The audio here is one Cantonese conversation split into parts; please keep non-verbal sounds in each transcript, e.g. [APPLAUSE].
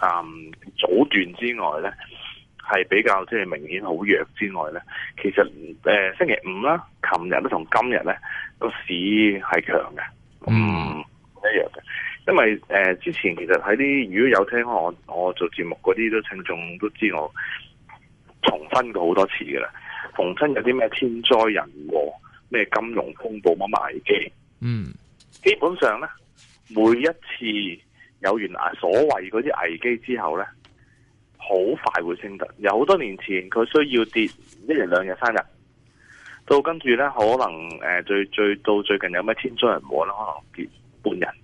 嗯，早段之外咧，係比較即係明顯好弱之外咧，其實誒、呃、星期五啦，琴日都同今日咧個市係強嘅，嗯，一樣嘅，因為誒、呃、之前其實喺啲如果有聽我我做節目嗰啲都聽眾都知我重申過好多次噶啦，逢親有啲咩天災人禍，咩金融風暴乜乜危機，機嗯，基本上咧每一次。有完啊！所謂嗰啲危機之後呢，好快會升得。有好多年前佢需要跌一日、兩日、三日，到跟住呢，可能最最到最近有咩天災人禍咧，可能跌半日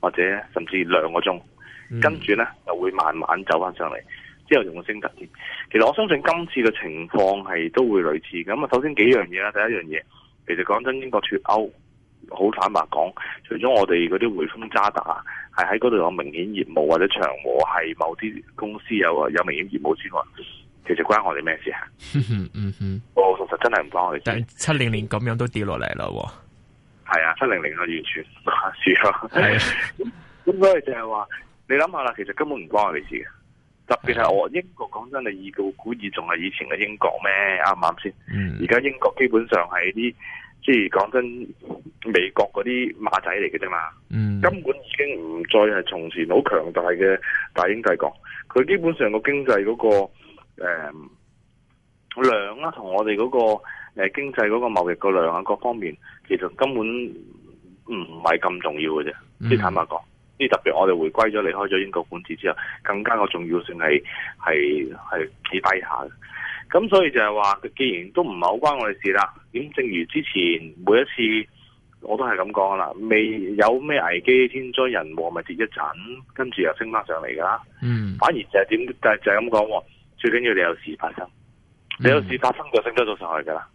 或者甚至兩個鐘，跟住、嗯、呢，又會慢慢走翻上嚟，之後仲會升得添。其實我相信今次嘅情況係都會類似嘅。咁啊，首先幾樣嘢啦，第一樣嘢其實講真，英國脫歐好坦白講，除咗我哋嗰啲匯豐渣打。係喺嗰度有明顯業務或者長和係某啲公司有有明顯業務之外，其實關我哋咩事啊？嗯嗯，我說實真係唔關我哋事。但七零年咁樣都跌落嚟啦，係啊，七零零啊，完全掛住咯。咁所以就係話你諗下啦，其實根本唔關我哋事嘅。特別係我英國講真，你意到古意仲係以前嘅英國咩？啱唔啱先？嗯，而家英國基本上係啲即係講真。美國嗰啲馬仔嚟嘅啫嘛，嗯、根本已經唔再係從前好強大嘅大英帝國。佢基本上個經濟嗰、嗰個、呃、量啦、啊，同我哋嗰、嗰個誒、呃、經濟嗰個貿易個量啊，各方面其實根本唔係咁重要嘅啫。即、嗯、坦白講，即係特別我哋回歸咗，離開咗英國管治之後，更加個重要性係係係幾低下嘅。咁所以就係話，佢既然都唔係好關我哋事啦，咁正如之前每一次。我都係咁講啦，未有咩危機、天災人禍，咪跌一陣，跟住又升翻上嚟噶啦。嗯，反而就係點，就係就係咁講。最緊要你有事發生，你、嗯、有事發生就升咗到上去噶啦。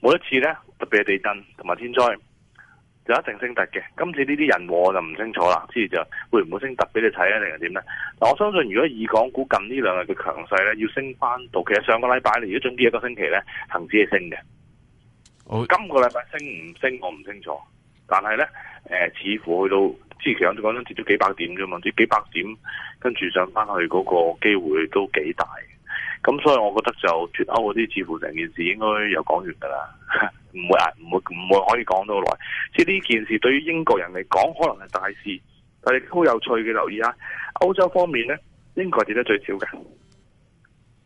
每一次咧，特別係地震同埋天災，就一定升突嘅。今次呢啲人禍我就唔清楚啦，之後就會唔會升突俾你睇咧，定係點咧？嗱，我相信如果以港股近兩呢兩日嘅強勢咧，要升翻到，其實上個禮拜你如果總結一個星期咧，恒指係升嘅。今個禮拜升唔升，我唔清楚。但係呢，誒、呃，似乎去到之前講咗講咗跌咗幾百點啫嘛，跌幾百點，跟住上翻去嗰個機會都幾大。咁所以我覺得就脫歐嗰啲似乎成件事應該有講完噶啦，唔會挨，唔會唔會可以講到耐。即係呢件事對於英國人嚟講，可能係大事。但係好有趣嘅留意下，歐洲方面呢，英國跌得最少嘅，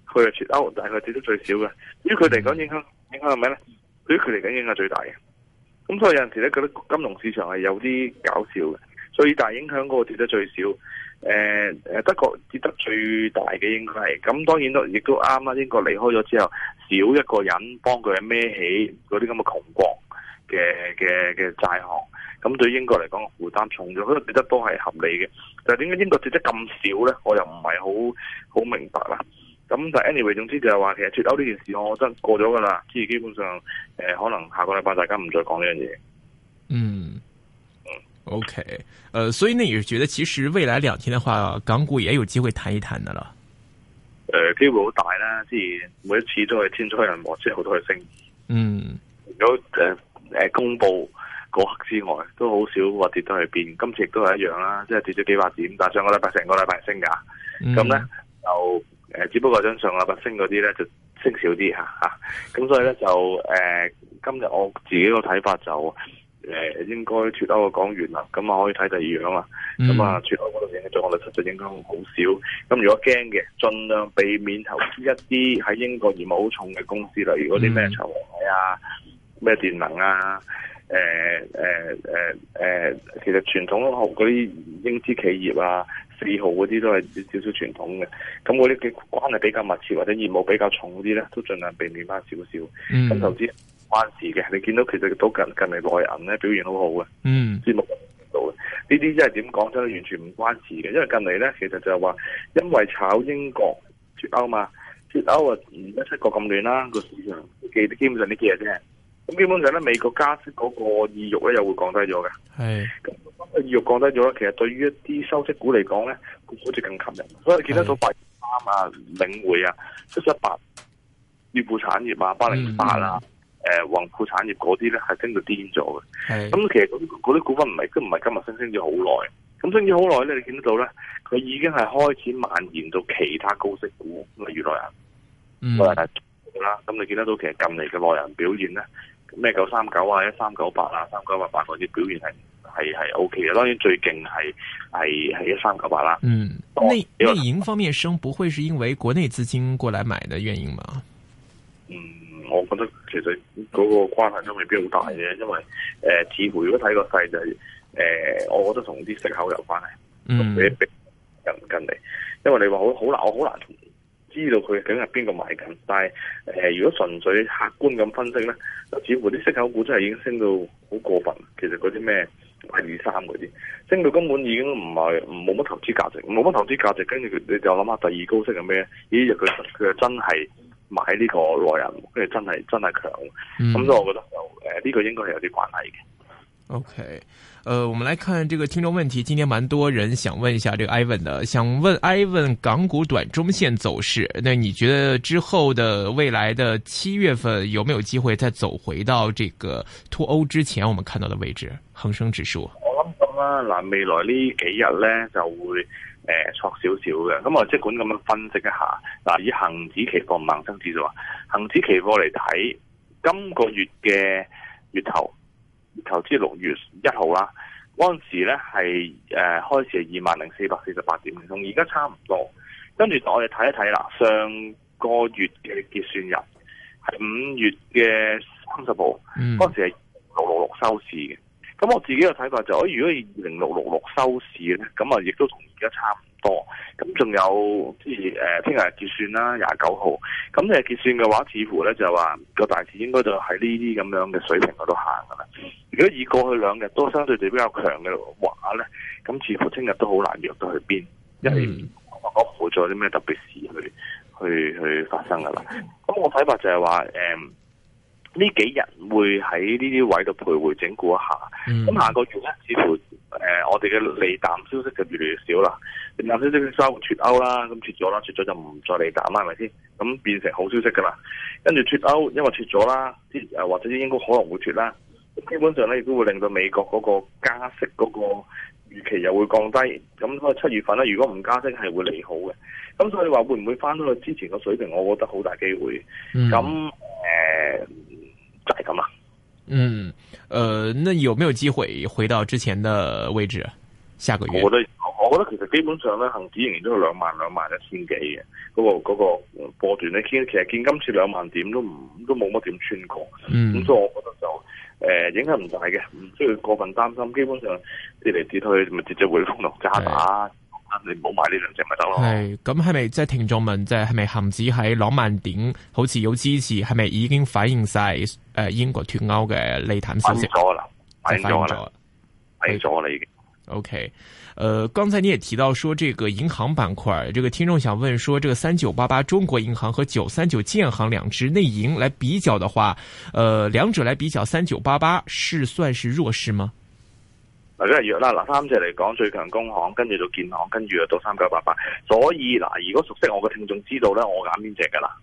佢係脫歐，但係佢跌得最少嘅。對於佢嚟講，影響影響係咩呢？對佢嚟講影響最大嘅。咁所以有陣時咧，覺得金融市場係有啲搞笑嘅，所以大影響嗰個跌得最少，誒誒，德國跌得最大嘅應該係，咁當然都亦都啱啦。英國離開咗之後，少一個人幫佢孭起嗰啲咁嘅窮國嘅嘅嘅債項，咁對英國嚟講負擔重咗，所以跌得多係合理嘅。但係點解英國跌得咁少咧？我又唔係好好明白啦。咁但 anyway，總之就係話其實脫歐呢件事我，我覺得過咗噶啦，即係基本上誒、呃，可能下個禮拜大家唔再講呢樣嘢。嗯，OK 誒，所以呢，你覺得其實未來兩天的話，港股也有機會彈一彈的啦。誒、呃，機會好大啦，即係每一次都係天災人禍，即係好多去升。嗯，除咗誒誒公布嗰刻之外，都好少話跌到去變。今次亦都係一樣啦，即係跌咗幾百點，但上個禮拜成個禮拜升噶。咁咧、嗯、就。誒，只不過真上啊，不升嗰啲咧就升少啲吓吓，咁所以咧就誒、呃，今日我自己個睇法，就誒、呃，應該脫歐嘅講完啦，咁啊可以睇第二樣啦，咁啊脫歐嗰度影響我哋實質影響好少，咁如果驚嘅，盡量避免投資一啲喺英國業務好重嘅公司，例如嗰啲咩長和啊、咩電能啊，誒誒誒誒，其實傳統嗰啲英資企業啊。四號嗰啲都係少少傳統嘅，咁我啲嘅關係比較密切或者業務比較重嗰啲咧，都盡量避免翻少少。咁頭先關事嘅，你見到其實都近近嚟內銀咧表現好好嘅，嗯，mm. 節目度嘅呢啲真係點講，真係完全唔關事嘅，因為近嚟咧其實就係話因為炒英國脱歐嘛，脱歐啊唔一七國咁亂啦個市場，記基本上呢幾日啫。咁基本上咧，美國加息嗰個意欲咧又會降低咗嘅。係咁是，個意欲降低咗咧，其實對於一啲收息股嚟講咧，好似更吸引。所以你見得到八二三啊、領匯啊、七七八、置富產業啊、八零八啊、誒、嗯嗯呃、泓富產業嗰啲咧，係升到癲咗嘅。咁是其實嗰啲啲股份唔係都唔係今日升升咗好耐，咁升咗好耐咧，你見得到咧，佢已經係開始蔓延到其他高息股，咁啊，娛樂人，嗯，咁啊啦，咁你見得到其實近嚟嘅內人表現咧。咩九三九啊，一三九八啊，三九八八，嗰啲表現係係係 O K 嘅。當然最勁係係係一三九八啦。嗯，因為盈方面升，不會是因為國內資金過來買的原因嘛。嗯，我覺得其實嗰個關係都未必好大嘅，因為誒、呃，似乎如果睇個勢就係、是、誒、呃，我覺得同啲息口有關啊。嗯，你俾入唔入你，因為你話好好難，好難出。知道佢究竟係邊個買緊，但係誒、呃，如果純粹客觀咁分析咧，就似乎啲息口股真係已經升到好過分，其實嗰啲咩二三嗰啲，升到根本已經唔係，冇乜投資價值，冇乜投資價值，跟住你就諗下第二高息係咩？咦，日佢佢又真係買呢個內人，跟住真係真係強，咁、嗯、所以我覺得就誒呢、呃這個應該係有啲關係嘅。OK，呃，我們來看這個聽眾問題，今天蠻多人想問一下這個 Ivan 的，想問 Ivan 港股短中線走勢，那你覺得之後的未來的七月份有沒有機會再走回到這個脫歐之前我們看到的位置？恒生指數？我諗咁啦，嗱，未來這幾呢幾日咧就會誒、錯、少少嘅，咁啊，即管咁咁樣分析一下，嗱，以恒指期貨、恒生指數啊，恒指期貨嚟睇今個月嘅月頭。就知六月一號啦，嗰陣時咧係誒開始係二萬零四百四十八點，同而家差唔多。跟住我哋睇一睇啦，上個月嘅結算日係五月嘅三十號，嗰陣時係六六六收市嘅。咁我自己嘅睇法就誒、是，如果二零六六六收市咧，咁啊亦都同而家差。咁仲有之前誒聽日結算啦，廿九號。咁誒結算嘅話，似乎咧就話個大市應該就喺呢啲咁樣嘅水平嗰度行㗎喇。如果以過去兩日都相對地比較強嘅話咧，咁似乎聽日都好難約到去邊，因為我冇再啲咩特別事去去去發生㗎喇。咁我睇法就係話誒，呢幾日會喺呢啲位度徘徊整固一下。咁下個月咧，似乎。誒、呃，我哋嘅利淡消息就越嚟越少啦。利淡消息包括脱歐啦，咁脱咗啦，脱咗就唔再利淡啦，係咪先？咁變成好消息噶啦。跟住脱歐，因為脱咗啦，啲誒，或者應該可能會脱啦。基本上咧亦都會令到美國嗰個加息嗰個預期又會降低。咁嗰個七月份咧，如果唔加息係會利好嘅。咁所以你話會唔會翻到去之前個水平？我覺得好大機會。咁誒、嗯呃，就係咁啊。嗯，誒、呃，那有沒有機會回到之前的位置？下個月，我覺得我覺得其實基本上呢，恒指仍然都有兩萬兩萬一千幾嘅，嗰、那個嗰、那個波段呢，其實見今次兩萬點都唔都冇乜點穿過，咁、嗯、所以我覺得就誒、呃、影響唔大嘅，唔需要過分擔心，基本上跌嚟跌去咪接住匯豐浪渣打。你唔好買呢兩隻咪得咯。係咁係咪即係聽眾問，即係係咪恒指喺兩萬點，好似有支持，係咪已經反映晒誒，英國脱歐嘅利淡消息？反映咗啦，反映咗，反映咗啦已經。O K，誒，剛才你也提到說，這個銀行板塊，這個聽眾想問說，這個三九八八中國銀行和九三九建行兩支內銀來比較的話，誒、呃，兩者來比較，三九八八是算是弱勢嗎？嗱，即係弱啦。嗱，三隻嚟講，最強工行，跟住到建行，跟住又到三九八八。所以嗱，如果熟悉我嘅聽眾知道咧，我揀邊隻噶啦？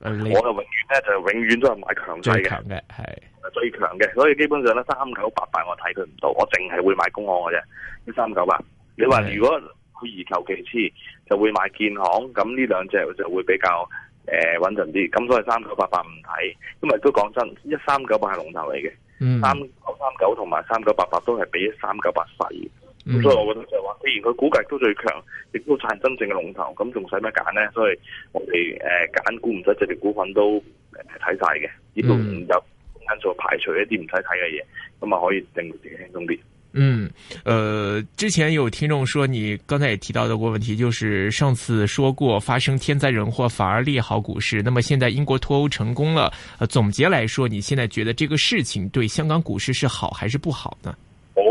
我就永遠咧就永遠都係買強勢嘅，係最強嘅。所以基本上咧，三九八八我睇佢唔到，我淨係會買工行嘅啫。一三九八，你話如果佢而求其次，就會買建行。咁呢兩隻就會比較誒穩陣啲。咁、呃、所以三九八八唔睇。咁啊都講真，一三九八係龍頭嚟嘅。三九三九同埋三九八八都係比三九八細，咁所以我覺得即係話，雖然佢估計都最強，亦都係真正嘅龍頭，咁仲使乜揀咧？所以我哋誒揀股唔使隻只股份都睇晒嘅，只要唔有因素排除一啲唔使睇嘅嘢，咁啊可以令自己輕鬆啲。嗯，呃、之前有聽眾說，你剛才也提到到過問題，就是上次說過發生天災人禍反而利好股市，那麼現在英國脱歐成功了，呃、總結來說，你現在覺得這個事情對香港股市是好還是不好呢？哦，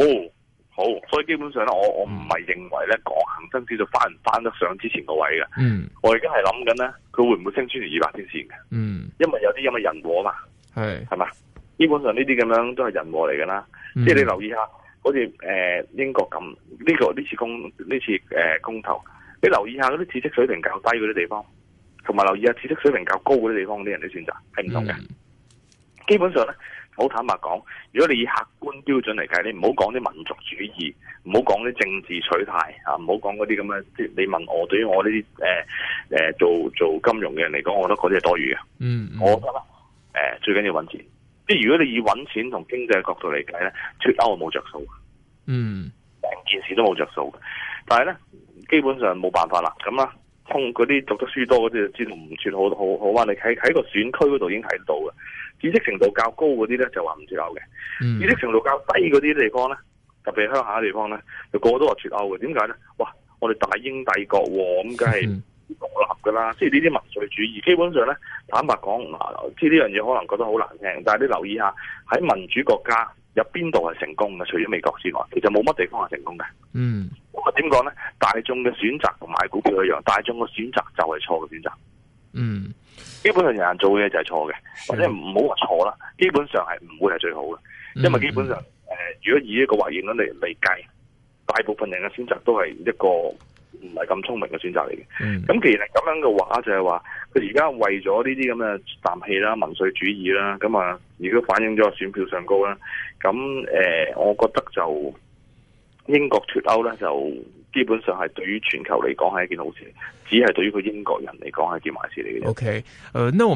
好，所以基本上呢我我唔係認為呢港恆生指數翻唔翻得上之前個位嘅，嗯，我而家係諗緊呢，佢會唔會升穿住二百天綫嘅？嗯，因為有啲因為人禍嘛，係係嘛，基本上呢啲咁樣都係人禍嚟噶啦，即係、嗯、你留意下。好似誒英國咁呢、呢個呢次公呢次誒公投，你留意下嗰啲知識水平較低嗰啲地方，同埋留意下知識水平較高嗰啲地方啲人嘅選擇係唔同嘅。Mm hmm. 基本上咧，好坦白講，如果你以客觀標準嚟計，你唔好講啲民族主義，唔好講啲政治取態啊，唔好講嗰啲咁嘅。即係你問我，對於我呢啲誒做做金融嘅人嚟講，我覺得嗰啲係多餘嘅。嗯、mm，hmm. 我覺得誒、呃、最緊要揾錢。即係如果你以搵錢同經濟嘅角度嚟計咧，脫歐係冇着數嘅，嗯，成件事都冇着數嘅。但係咧，基本上冇辦法啦。咁啊，空嗰啲讀得書多嗰啲就知道唔脫好好好啊！你喺喺個選區嗰度已經睇到嘅，知識程度較高嗰啲咧就話唔脫歐嘅，知識、嗯、程度較低嗰啲地方咧，特別鄉下地方咧，就個個都話脫歐嘅。點解咧？哇，我哋大英帝國咁梗係。獨立噶啦，即係呢啲民粹主義，基本上咧，坦白講，即係呢樣嘢可能覺得好難聽，但係你留意下，喺民主國家有邊度係成功嘅？除咗美國之外，其實冇乜地方係成功嘅。嗯，咁啊點講咧？大眾嘅選擇同買股票一樣，大眾嘅選擇就係錯嘅選擇。嗯，基本上人人做嘅嘢就係錯嘅，或者唔好話錯啦，基本上係唔會係最好嘅，因為基本上誒、嗯呃，如果以一個華員嚟嚟計，大部分人嘅選擇都係一個。唔係咁聰明嘅選擇嚟嘅，咁其實咁樣嘅話就係話佢而家為咗呢啲咁嘅啖氣啦、民粹主義啦，咁啊而家反映咗個選票上高啦，咁誒、呃，我覺得就英國脱歐咧，就基本上係對於全球嚟講係一件好事，只係對於佢英國人嚟講係件壞事嚟嘅。O K，誒，那我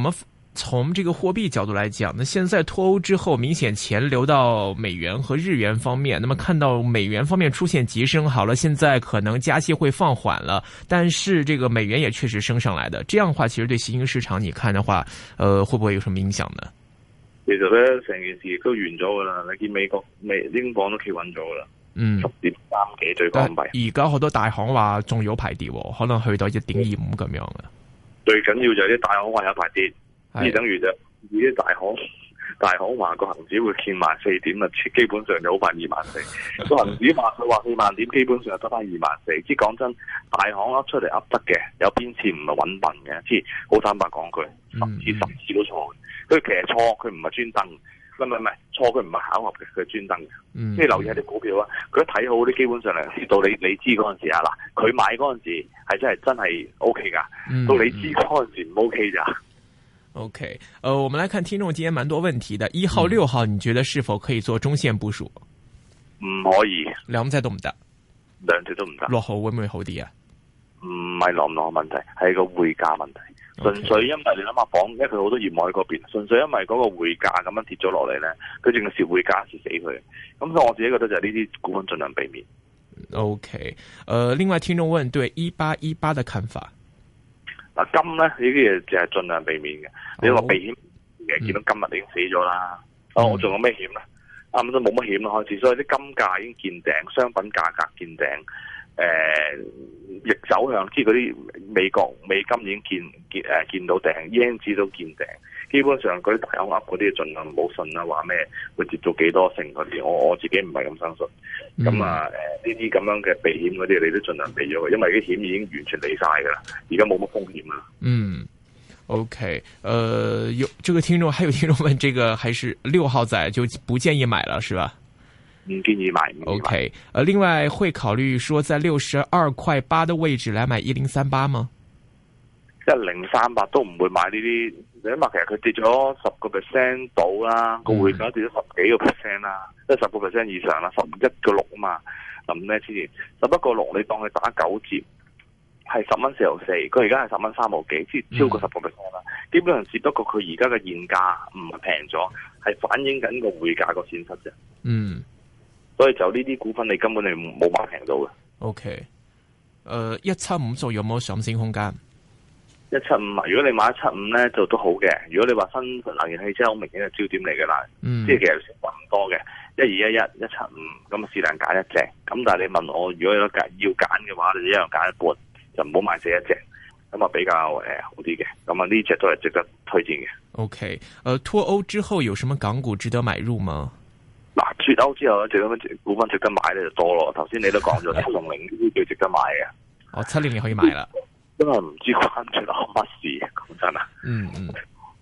從這個貨幣角度來講，那現在脫歐之後，明顯錢流到美元和日元方面。那麼看到美元方面出現急升，好了，現在可能加息會放緩了，但是這個美元也確實升上來的。這樣的話，其實對新興市場，你看的話，呃，會不會有什麼影響呢？其實呢，成件事都完咗㗎喇。你見美國美英鎊都企穩咗㗎喇，嗯，十點三幾兌港幣。而家好多大行話仲有排跌喎，可能去到一點二五咁樣啊。最緊要就係啲大行話有排跌。即是等於就啲大，大行大行話個恒指會見埋四點啊，基本上就好快二萬四。個恒指話佢話四萬點，基本上又得返二萬四。知講真，大行呃出嚟呃得嘅，有邊次唔係揾笨嘅？即係好坦白講句，十次十次都錯嘅。佢其實錯，佢唔係專登。唔唔唔，錯佢唔係巧合嘅，佢係專登嘅。即係留意下啲股票啊，佢一睇好嗰啲，基本上嚟到你你知嗰陣時啊嗱，佢買嗰陣時係真係真係 OK 噶，到你，你知嗰陣時唔 OK 咋。嗯嗯嗯。OK，呃，我們來看聽眾今天蠻多問題的，一號、六號、嗯、，你覺得是否可以做中線部署？唔可以，兩隻都唔得，兩隻都唔得。落後會唔會好啲啊？唔係落唔落問題，係個匯價問題。Okay, 純粹因為你諗下房，因為佢好多業務喺嗰邊，純粹因為嗰個匯價咁樣跌咗落嚟咧，佢淨係蝕匯價蝕死佢。咁所以我自己覺得就係呢啲股份盡量避免。OK，呃，另外聽眾問對一八一八嘅看法。嗱金咧呢啲嘢就係盡量避免嘅。哦、你話避險，其實見到今日已經死咗啦。嗯、哦，我仲有咩險咧？啱、嗯、啱都冇乜險咯，開始。所以啲金價已經見頂，商品價格見頂，誒、呃，逆走向，即係嗰啲美國美金已經見見,見到頂，英紙都見頂。基本上嗰啲大口鴨嗰啲，盡量冇信啦，話咩會跌到幾多成嗰啲，我我自己唔係咁相信。咁啊、嗯，誒呢啲咁樣嘅避險嗰啲，你都盡量避咗佢，因為啲險已經完全離晒噶啦，而家冇乜風險啦。嗯，OK，誒、呃，有、這個聽眾還有聽眾問：，這個還是六號仔就不建議買了，是吧？唔建議買。唔建議買，OK，誒、呃，另外會考慮說，在六十二塊八的位置來買一零三八嗎？一零三八都唔會買呢啲。其實佢跌咗十個 percent 到啦，個匯價跌咗十幾個 percent 啦，即係十個 percent 以上啦，十一個六啊嘛，咁咩之前，十一個六你當佢打九折，係十蚊四毫四，佢而家係十蚊三毫幾，即超過十個 percent 啦，基本上只不過佢而家嘅現價唔係平咗，係反映緊個匯價個損失啫。嗯，所以就呢啲股份你根本你冇冇乜平到嘅。O K，誒，一七五再有冇上升空間？一七五啊！如果你買一七五咧，就都好嘅。如果你話新能源汽車，好明顯係焦點嚟嘅啦，即係、嗯、其實成分唔多嘅，一二一一一七五，咁是但揀一隻。咁但係你問我，如果有得揀要揀嘅話，你一樣揀一半，就唔好買死一隻，咁啊比較誒、呃、好啲嘅。咁啊呢隻都係值得推薦嘅。OK，誒、呃，脫歐之後有什麼港股值得買入嗎？嗱，脫歐之後，最緊要股份值得買嘅就多咯。頭先你都講咗啦，零呢啲叫值得買嘅，我、哦、七零零可以買啦。 [LAUGHS] 因為唔知關住攞乜事，講真啊，嗯嗯、mm，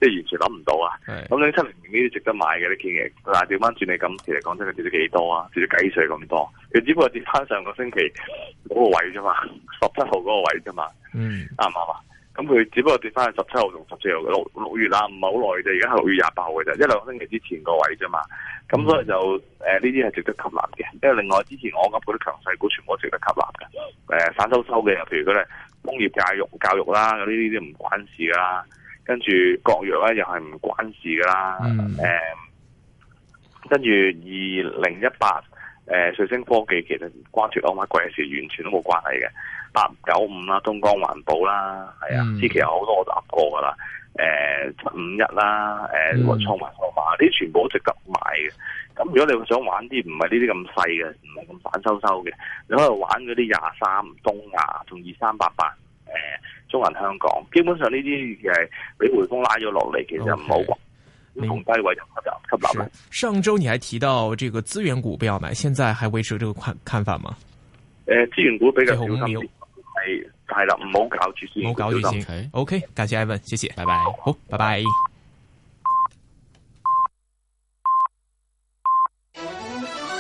即、hmm. 係完全諗唔到啊。咁你七零年呢啲值得買嘅呢啲嘢，嗱，調翻轉你咁，其實講真，佢跌咗幾多啊？跌咗幾十咁多，佢只不過跌翻上個星期嗰個位啫嘛，十七號嗰個位啫嘛，啱唔啱啊？咁、hmm. 佢只不過跌翻去十七號同十四號六六月啦，唔係好耐啫，而家係六月廿八號嘅啫，一兩個星期之前個位啫嘛。咁所以就誒呢啲係值得吸納嘅，因為另外之前我啱講啲強勢股全部都值得吸納嘅，誒反抽收嘅，譬如佢咧。工業教育、教育啦，嗰啲呢啲唔關事噶啦，跟住國藥咧又係唔關事噶啦，誒、mm. 嗯，跟住二零一八誒瑞聲科技其實唔關脫歐乜鬼事，完全都冇關係嘅，八九五啦、東江環保啦，係啊，之前、mm. 有好多我都入過噶啦，誒五一啦，誒創維數碼呢啲全部都值得買嘅。咁如果你想玩啲唔係呢啲咁細嘅，唔係咁散收收嘅，你可以玩嗰啲廿三，東亞仲二三八八，誒中銀香港。基本上呢啲係俾匯豐拉咗落嚟，其實唔好玩，你從低位就入吸納咯。上周你還提到這個資源股不要買，現在還維持這個看看法嗎？誒、呃，資源股比較小心啲，係係啦，唔好搞住先，唔好搞住先。OK，okay，感謝 Ivan，謝謝，拜拜，好，拜拜。